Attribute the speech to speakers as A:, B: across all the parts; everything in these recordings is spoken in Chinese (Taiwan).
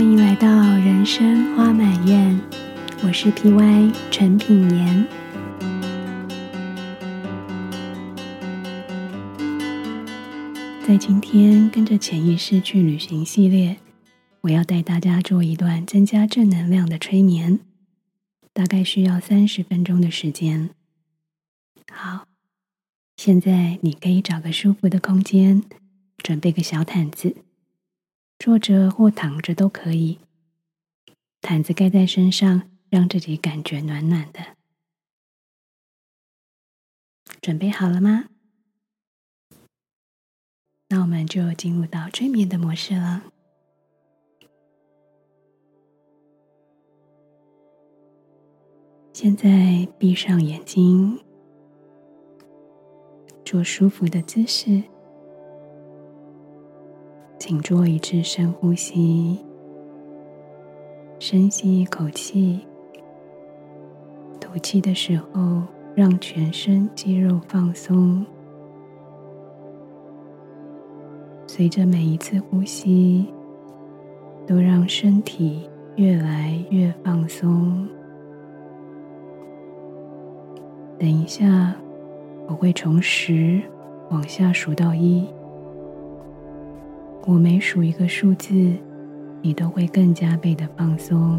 A: 歡迎來到人生花滿院，我是 PY 陳品言。在今天跟着潛意識去旅行系列，我要帶大家做一段增加正能量的催眠，大概需要三十分鐘的時間。好，現在你可以找個舒服的空間，準備個小毯子。坐着或躺着都可以，毯子蓋在身上，讓自己感覺暖暖的。準備好了嗎？那我們就進入到催眠的模式了。現在閉上眼睛，做舒服的姿勢。請做一次深呼吸，深吸一口氣，吐氣的時候讓全身肌肉放鬆。隨着每一次呼吸，都讓身體越來越放鬆。等一下，我會從十往下數到一。我每數一個數字，你都會更加倍的放鬆。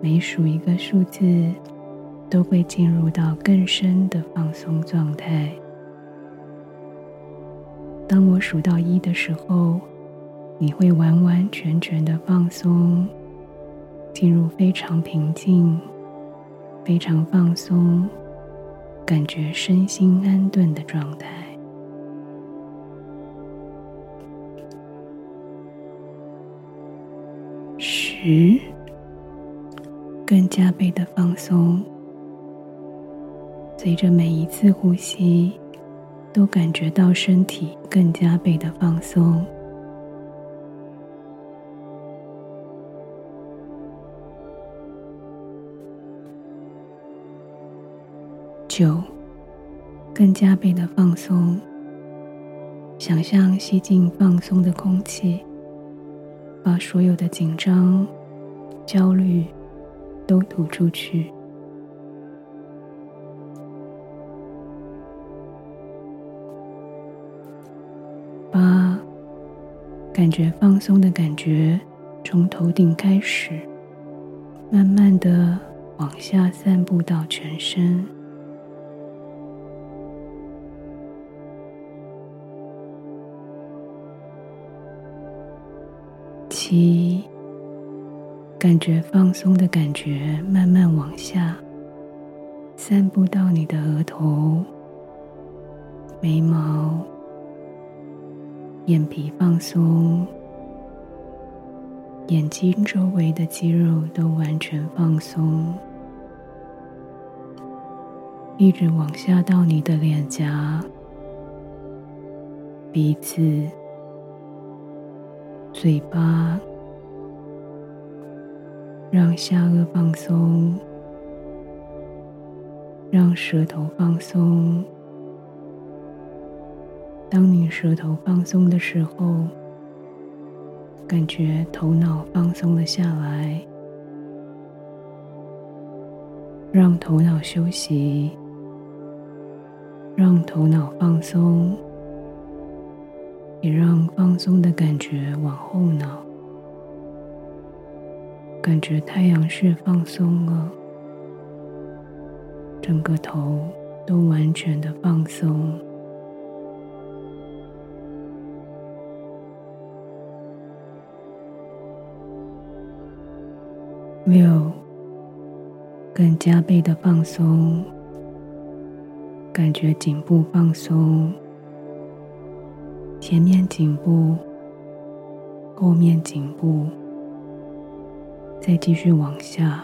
A: 每數一個數字，都會進入到更深的放鬆狀態。當我數到一的時候，你會完完全全的放鬆，進入非常平靜、非常放鬆，感覺身心安頓的狀態。十，更加倍的放鬆。隨着每一次呼吸，都感覺到身體更加倍的放鬆。九，更加倍的放鬆。想象吸進放鬆的空氣。把所有的緊張、焦慮都吐出去，把感覺放鬆的感覺從頭頂開始，慢慢的往下散布到全身。一，感覺放鬆的感覺慢慢往下，散佈到你的額頭、眉毛、眼皮放鬆，眼睛周圍的肌肉都完全放鬆，一直往下到你的臉頰、鼻子。嘴巴，讓下顎放鬆，讓舌頭放鬆。當你舌頭放鬆的時候，感覺頭腦放鬆了下來，讓頭腦休息，讓頭腦放鬆。也讓放鬆的感覺往後腦，感覺太陽穴放鬆了、啊，整個頭都完全的放鬆。六，更加倍的放鬆，感覺頸部放鬆。前面頸部，後面頸部，再繼續往下，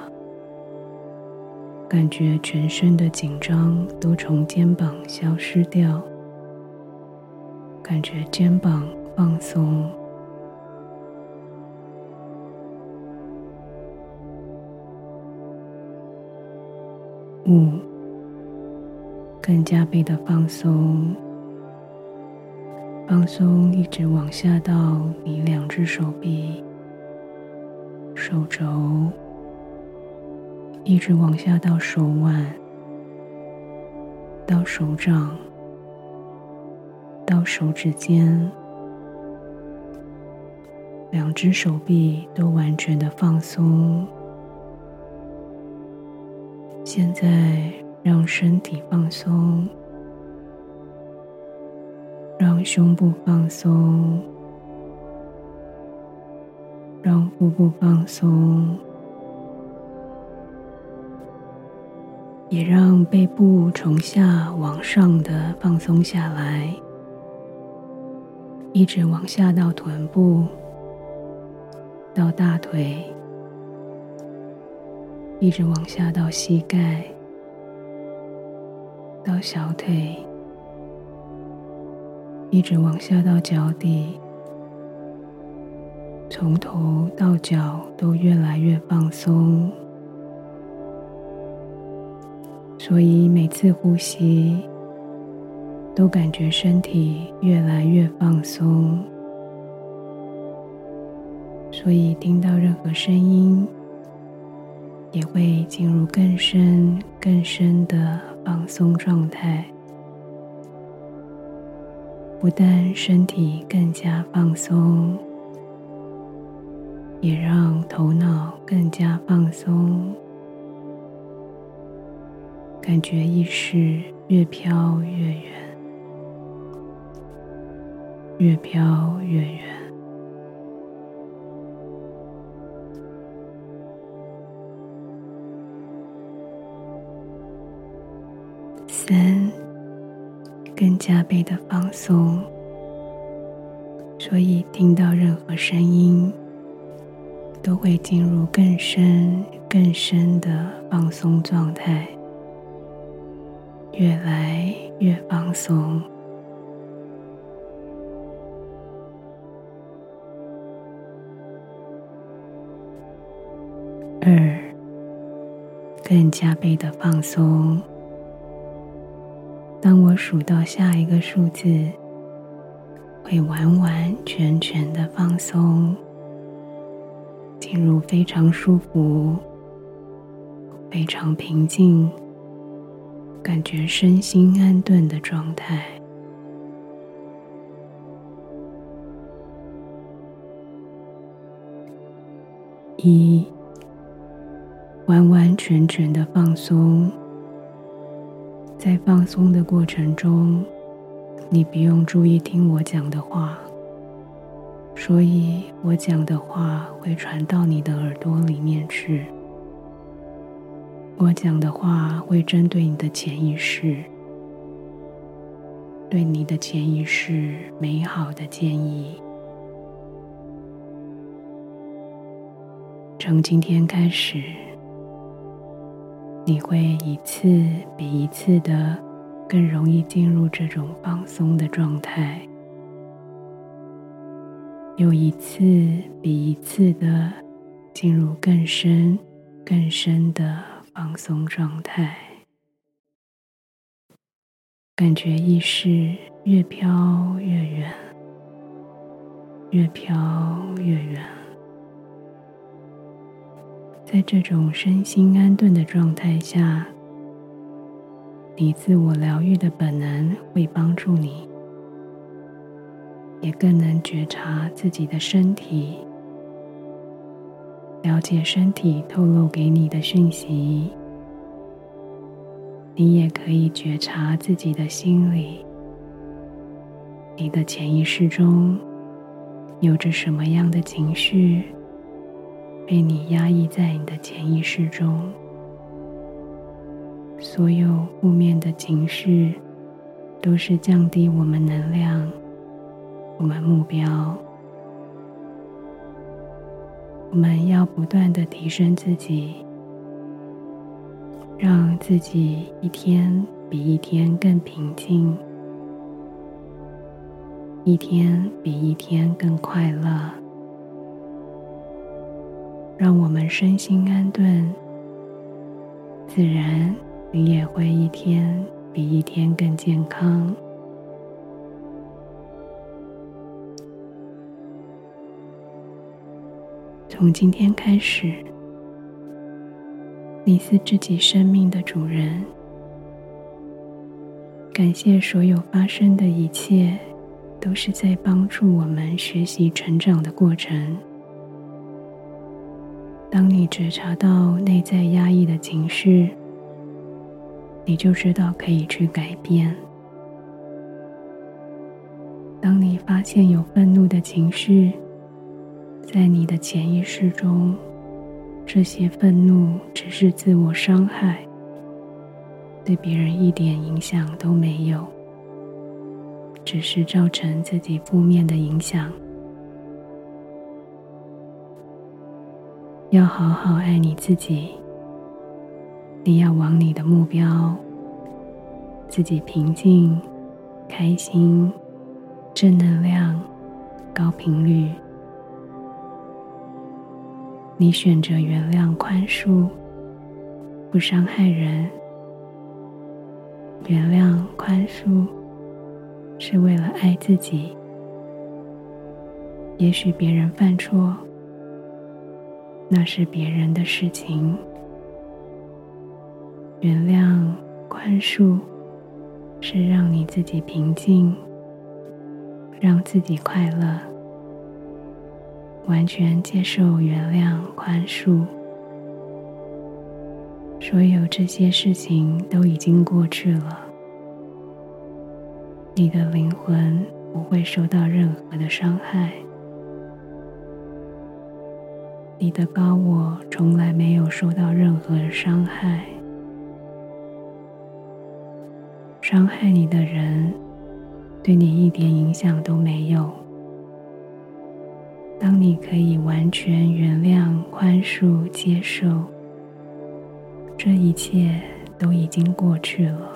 A: 感覺全身的緊張都從肩膀消失掉，感覺肩膀放鬆，五、嗯，更加倍的放鬆。放鬆，一直往下到你兩只手臂、手肘，一直往下到手腕、到手掌、到手指尖，兩只手臂都完全的放鬆。現在讓身體放鬆。讓胸部放鬆，讓腹部放鬆，也讓背部從下往上的放鬆下來，一直往下到臀部，到大腿，一直往下到膝蓋，到小腿。一直往下到腳底，從頭到腳都越來越放鬆，所以每次呼吸都感覺身體越來越放鬆，所以聽到任何聲音也會進入更深更深的放鬆狀態。不但身體更加放鬆，也讓頭腦更加放鬆，感覺意識越飄越遠，越飄越遠。更加倍的放鬆，所以聽到任何聲音都會進入更深更深的放鬆狀態，越來越放鬆。二，更加倍的放鬆。當我數到下一個數字，會完完全全的放鬆，進入非常舒服、非常平靜、感覺身心安頓的狀態。一，完完全全的放鬆。在放鬆的過程中，你不用注意聽我講的話，所以我講的話會傳到你的耳朵裡面去。我講的話會針對你的潛意識，對你的潛意識美好的建議。從今天開始，你會一次比一次的更容易進入這種放鬆的狀態，又一次比一次的進入更深、更深的放鬆狀態，感覺意識越飄越遠，越飄越遠。在這種身心安頓的狀態下，你自我療癒的本能會幫助你，也更能覺察自己的身體，了解身體透露給你的訊息。你也可以覺察自己的心理，你的潛意識中有着什麼樣的情緒，被你壓抑在你的潛意識中，所有負面的情緒都是降低我們能量、我們目標。我們要不斷地提升自己，讓自己一天比一天更平靜，一天比一天更快樂。讓我們身心安頓，自然你也會一天比一天更健康。從今天開始，你是自己生命的主人，感謝所有發生的一切，都是在幫助我們學習成長的過程。當你覺察到內在壓抑的情緒，你就知道可以去改變。當你發現有憤怒的情緒，在你的潛意識中，這些憤怒只是自我傷害，對別人一點影響都沒有，只是造成自己負面的影響。要好好愛你自己。你要往你的目標，自己平靜、開心、正能量、高頻率。你選擇原諒、寬恕，不傷害人。原諒、寬恕，是為了愛自己。也許別人犯錯。那是別人的事情。原諒、寬恕，是讓你自己平靜，讓自己快樂。完全接受原諒、寬恕，所有這些事情都已經過去了。你的靈魂不會受到任何的傷害。你的高我從來沒有受到任何傷害，傷害你的人對你一點影響都沒有。當你可以完全原諒、寬恕、接受，這一切都已經過去了。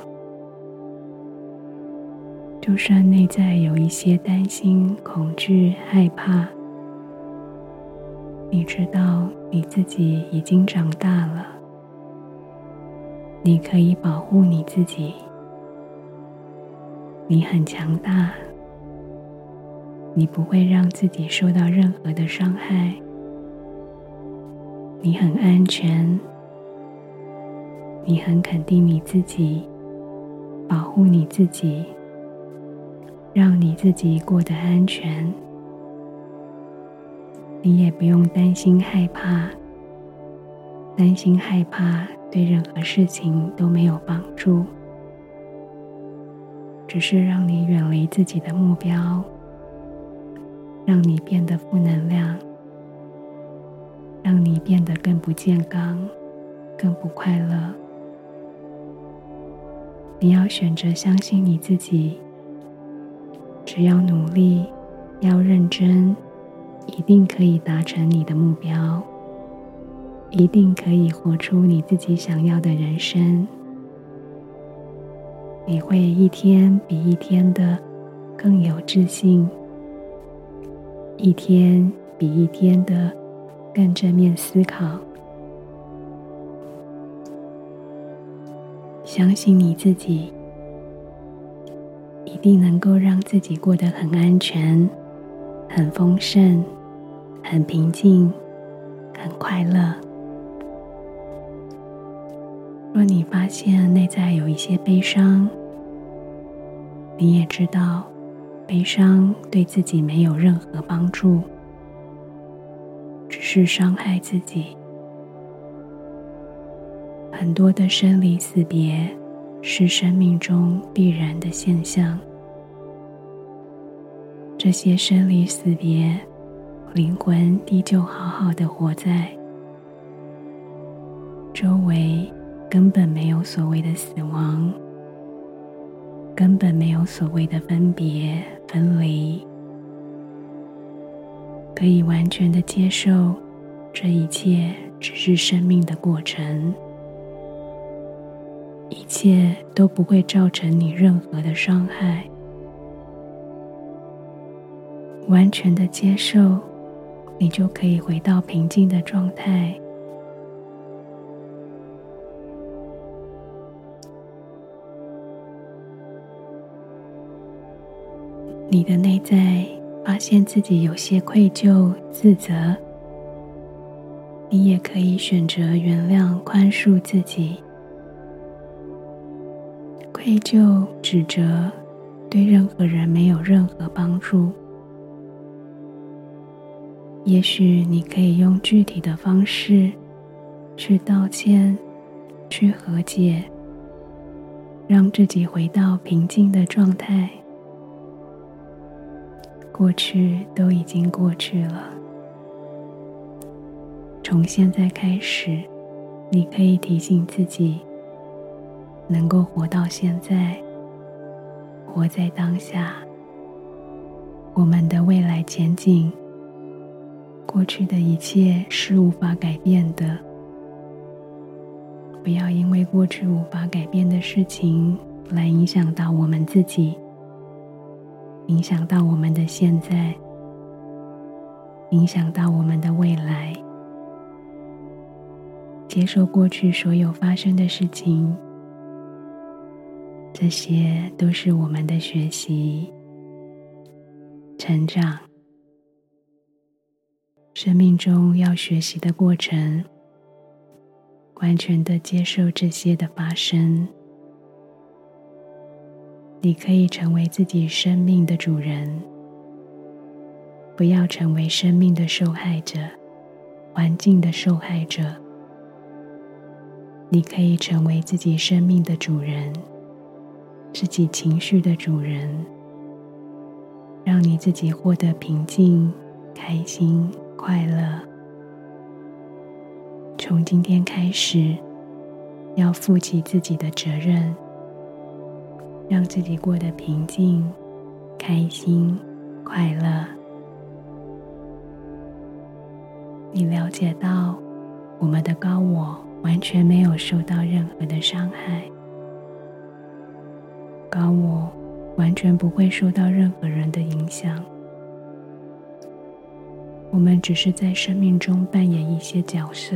A: 就算內在有一些擔心、恐懼、害怕，你知道你自己已經長大了，你可以保護你自己。你很強大，你不會讓自己受到任何的傷害。你很安全，你很肯定你自己，保護你自己，讓你自己過得安全。你也不用擔心害怕，擔心害怕對任何事情都沒有幫助，只是讓你遠離自己的目標，讓你變得負能量，讓你變得更不健康、更不快樂。你要選擇相信你自己，只要努力，要認真。一定可以達成你的目標，一定可以活出你自己想要的人生。你會一天比一天的更有自信，一天比一天的更正面思考。相信你自己，一定能夠讓自己過得很安全。很豐盛，很平靜，很快樂。若你發現內在有一些悲傷，你也知道，悲傷對自己沒有任何幫助，只是傷害自己。很多的生離死別，是生命中必然的現象。這些生離死別，靈魂依舊好好的活在周圍，根本沒有所謂的死亡，根本沒有所謂的分別分離，可以完全的接受，這一切只是生命的過程，一切都不會造成你任何的傷害。完全的接受，你就可以回到平靜的狀態。你的內在發現自己有些愧疚、自責，你也可以選擇原諒、寬恕自己。愧疚、指責對任何人沒有任何幫助。也許你可以用具體的方式去道歉，去和解，讓自己回到平靜的狀態。過去都已經過去了。從現在開始，你可以提醒自己，能夠活到現在，活在當下。我們的未來前景。過去的一切是無法改變的，不要因為過去無法改變的事情來影響到我們自己，影響到我們的現在，影響到我們的未來。接受過去所有發生的事情，這些都是我們的學習、成長。生命中要學習的過程，完全的接受這些的發生。你可以成為自己生命的主人，不要成為生命的受害者、環境的受害者。你可以成為自己生命的主人，自己情緒的主人，讓你自己獲得平靜、開心。快樂。從今天開始，要負起自己的責任，讓自己過得平靜、開心、快樂。你了解到，我們的高我完全沒有受到任何的傷害。高我完全不會受到任何人的影響。我們只是在生命中扮演一些角色，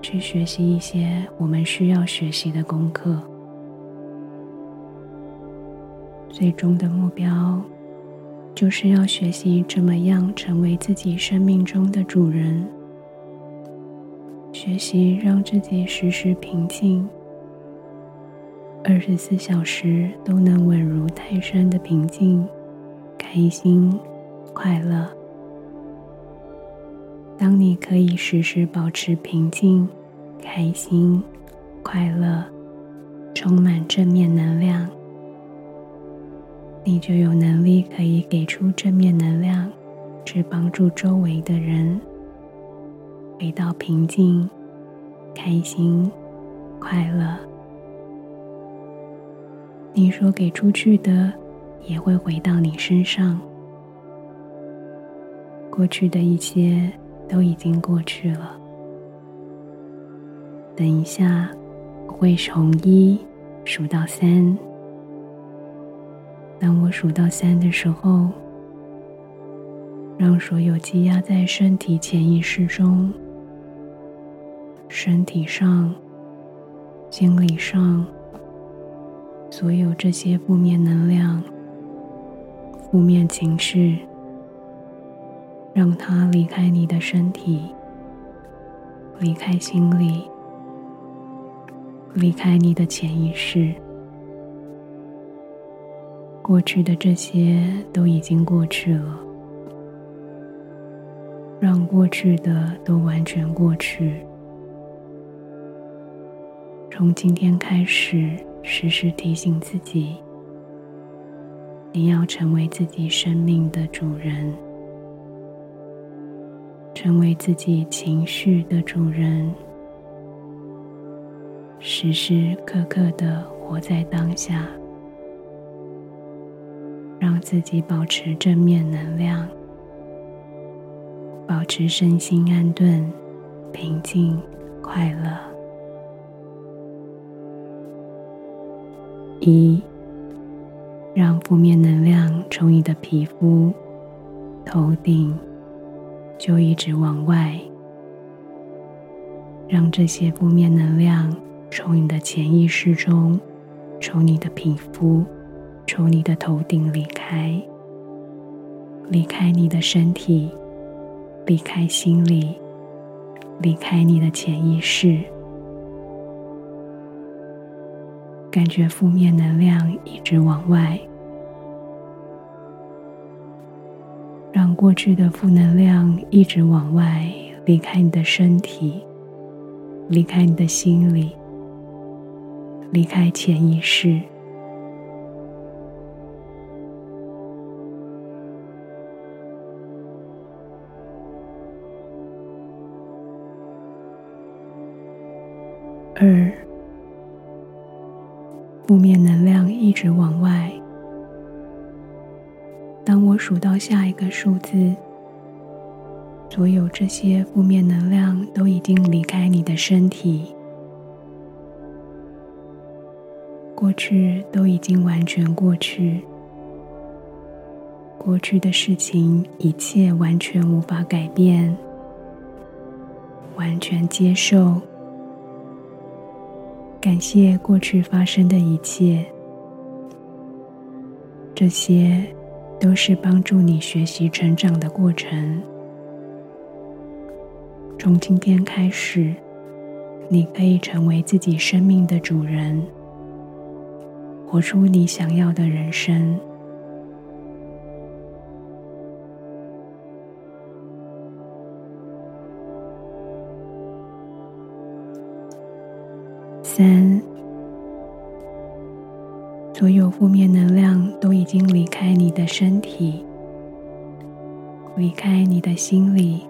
A: 去學習一些我們需要學習的功課。最終的目標，就是要學習怎麼樣成為自己生命中的主人，學習讓自己時時平靜，二十四小時都能穩如泰山的平靜，開心。快樂。當你可以時時保持平靜、開心、快樂，充滿正面能量，你就有能力可以給出正面能量，去幫助周圍的人回到平靜、開心、快樂。你所給出去的，也會回到你身上。過去的一切都已經過去了。等一下，我會從一數到三。當我數到三的時候，讓所有積壓在身體潛意識中、身體上、心理上所有這些負面能量、負面情緒。讓它離開你的身體，離開心裡，離開你的潛意識。過去的這些都已經過去了，讓過去的都完全過去。從今天開始，時時提醒自己，你要成為自己生命的主人。成為自己情緒的主人，時時刻刻的活在當下，讓自己保持正面能量，保持身心安頓、平靜、快樂。一，讓負面能量從你的皮膚、頭頂。就一直往外，讓這些負面能量從你的潛意識中，從你的皮膚，從你的頭頂離開，離開你的身體，離開心理，離開你的潛意識，感覺負面能量一直往外。過去的負能量一直往外，離開你的身體，離開你的心裡，離開潛意識，而負面能量一直往外。數到下一個數字，所有這些負面能量都已經離開你的身體。過去都已經完全過去，過去的事情一切完全無法改變，完全接受，感謝過去發生的一切，這些。都是幫助你學習成長的過程。從今天開始，你可以成為自己生命的主人，活出你想要的人生。三。所有負面能量都已經離開你的身體，離開你的心裡，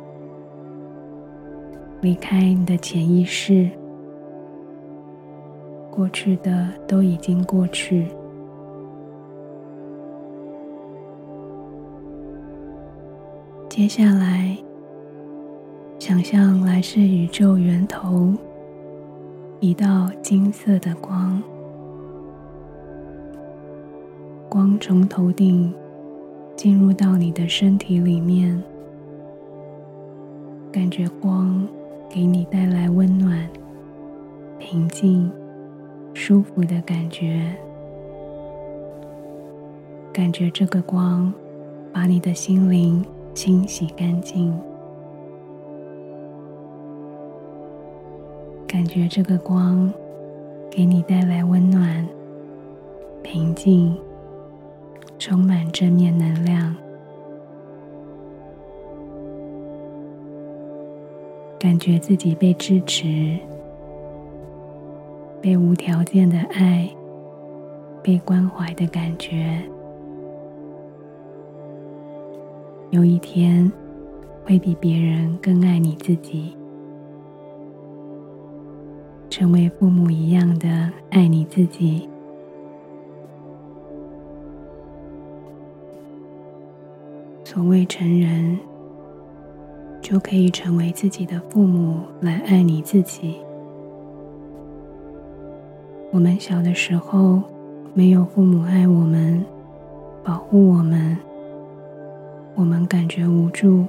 A: 離開你的潛意識。過去的都已經過去。接下來，想象來自宇宙源頭一道金色的光。光從頭頂進入到你的身體裡面，感覺光給你帶來溫暖、平靜、舒服的感覺，感覺這個光把你的心靈清洗乾淨，感覺這個光給你帶來溫暖、平靜。充滿正面能量，感覺自己被支持、被無條件的愛、被關懷的感覺。有一天會比別人更愛你自己，成為父母一樣的愛你自己。所謂成人，就可以成為自己的父母來愛你自己。我們小的時候沒有父母愛我們、保護我們，我們感覺無助、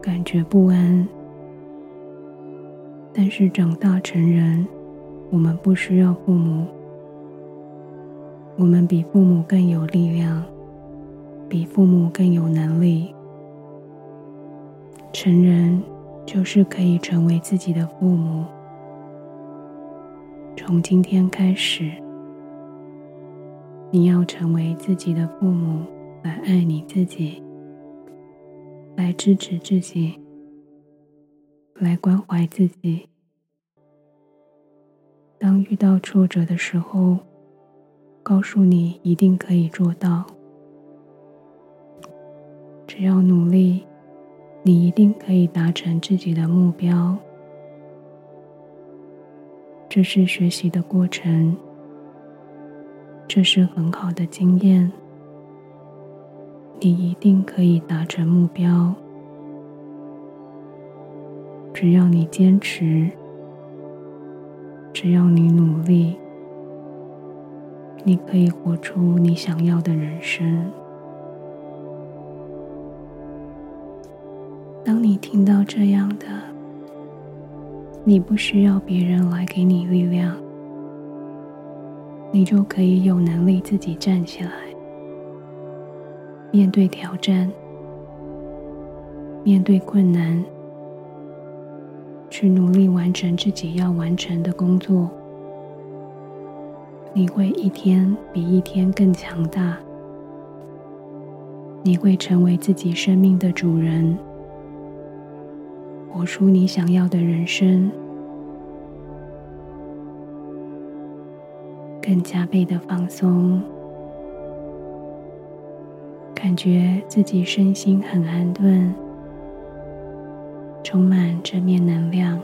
A: 感覺不安。但是長大成人，我們不需要父母，我們比父母更有力量。比父母更有能力。成人就是可以成為自己的父母。從今天開始，你要成為自己的父母，來愛你自己，來支持自己，來關懷自己。當遇到挫折的時候，告訴你一定可以做到。只要努力，你一定可以達成自己的目標。這是學習的過程，這是很好的經驗。你一定可以達成目標，只要你堅持，只要你努力，你可以活出你想要的人生。當你聽到這樣的，你不需要別人來給你力量，你就可以有能力自己站起來，面對挑戰，面對困難，去努力完成自己要完成的工作。你會一天比一天更強大，你會成為自己生命的主人。活出你想要的人生，更加倍的放鬆，感覺自己身心很安頓，充滿正面能量。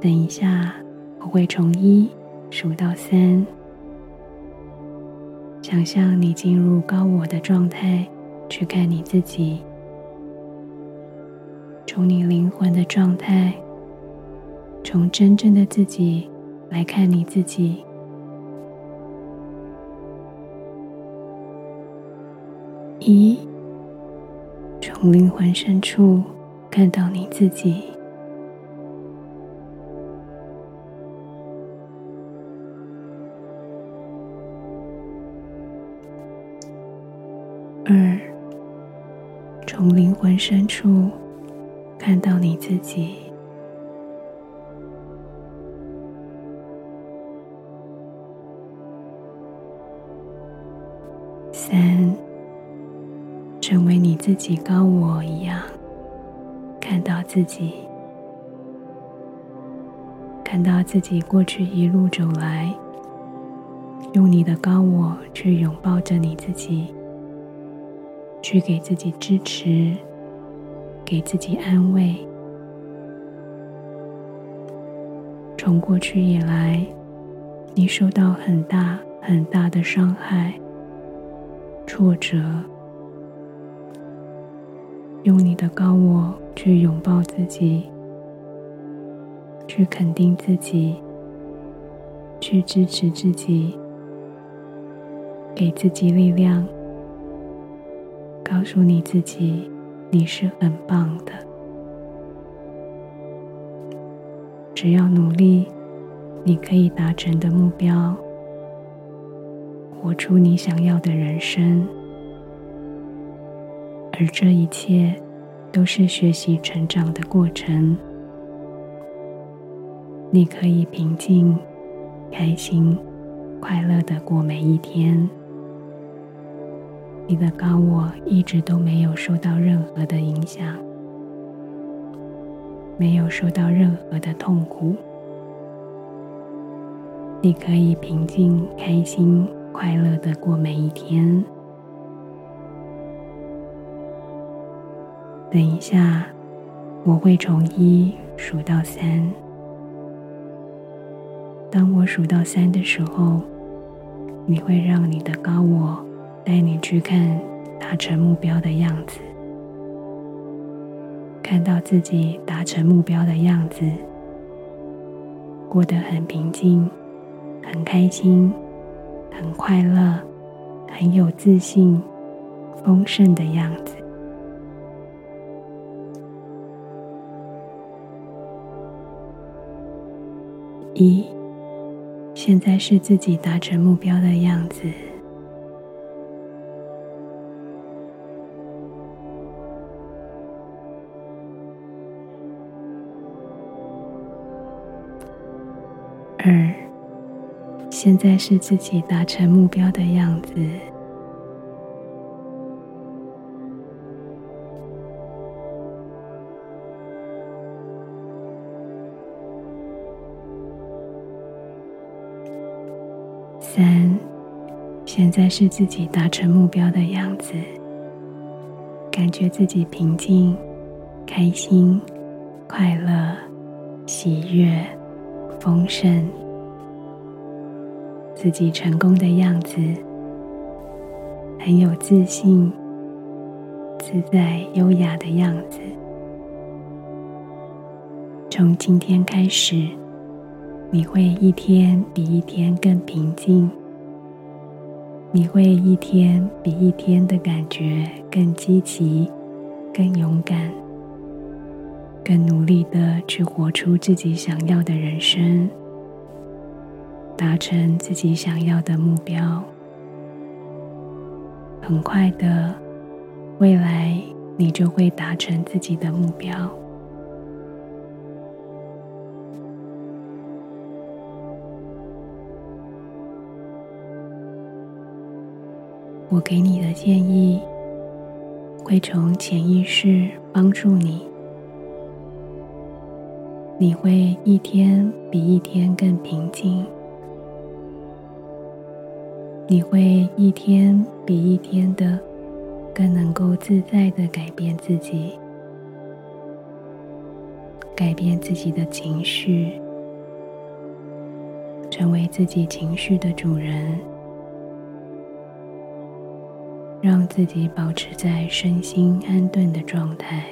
A: 等一下，我會從一數到三，想象你進入高我的狀態，去看你自己。從你靈魂的狀態，從真正的自己來看你自己。一，從靈魂深處看到你自己。二，從靈魂深處。到你自己，甚至成為你自己高我一樣，看到自己，看到自己過去一路走來，用你的高我去擁抱着你自己，去給自己支持。給自己安慰。從過去以來，你受到很大很大的傷害、挫折。用你的高我去擁抱自己，去肯定自己，去支持自己，給自己力量，告訴你自己。你是很棒的，只要努力，你可以達成的目標，活出你想要的人生，而這一切都是學習成長的過程。你可以平靜、開心、快樂地過每一天。你的高我一直都沒有受到任何的影響，沒有受到任何的痛苦。你可以平靜、開心、快樂的過每一天。等一下，我會從一數到三。當我數到三的時候，你會讓你的高我。帶你去看達成目標的樣子，看到自己達成目標的樣子，過得很平靜，很開心，很快樂，很有自信，豐盛的樣子。一，現在是自己達成目標的樣子。現在是自己達成目標的樣子。三，現在是自己達成目標的樣子。感覺自己平靜、開心、快樂、喜悅、豐盛。自己成功的樣子，很有自信、自在、優雅的樣子。從今天開始，你會一天比一天更平靜，你會一天比一天的感覺更積極、更勇敢、更努力地去活出自己想要的人生。達成自己想要的目標，很快的，未來你就會達成自己的目標。我給你的建議會從潛意識幫助你，你會一天比一天更平靜。你會一天比一天的更能夠自在的改變自己，改變自己的情緒，成為自己情緒的主人，讓自己保持在身心安頓的狀態。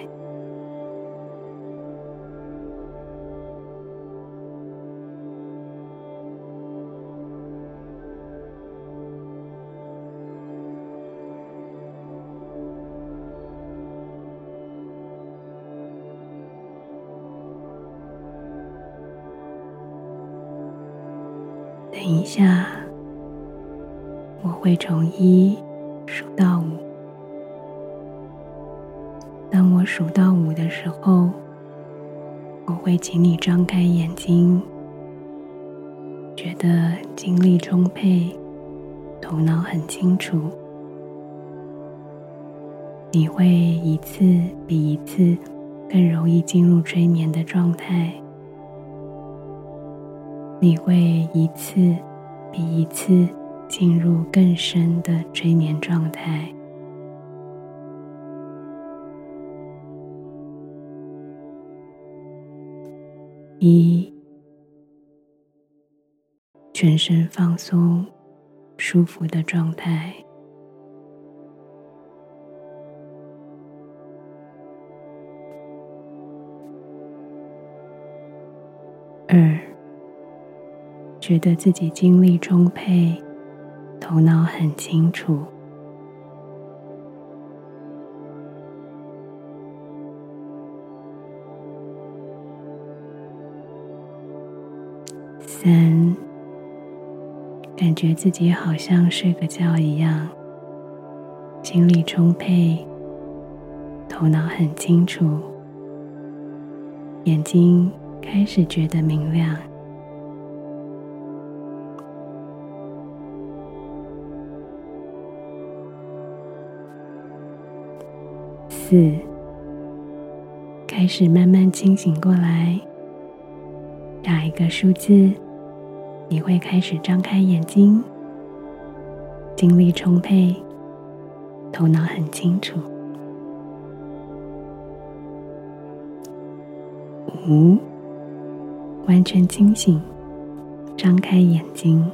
A: 下，我會從一數到五。當我數到五的時候，我會請你張開眼睛，覺得精力充沛，頭腦很清楚。你會一次比一次更容易進入催眠的狀態。你會一次。第一次進入更深的催眠狀態。一，全身放鬆，舒服的狀態。覺得自己精力充沛，頭腦很清楚。三，感覺自己好像睡個覺一樣，精力充沛，頭腦很清楚。眼睛開始覺得明亮。四，開始慢慢清醒過來。下一個數字，你會開始張開眼睛，精力充沛，頭腦很清楚。五，完全清醒，張開眼睛。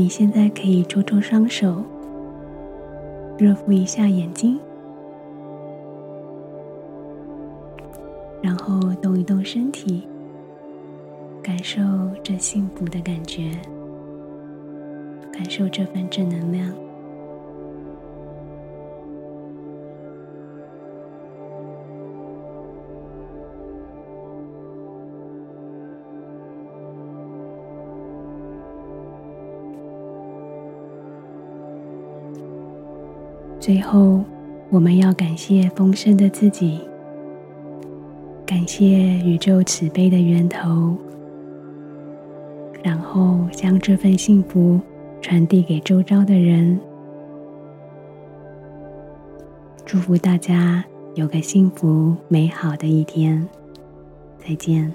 A: 你現在可以搓搓雙手，熱敷一下眼睛，然後動一動身體，感受這幸福的感覺，感受這份正能量。最後，我們要感謝豐盛的自己，感謝宇宙慈悲的源頭，然後將這份幸福傳遞給周遭的人，祝福大家有個幸福美好的一天。再見。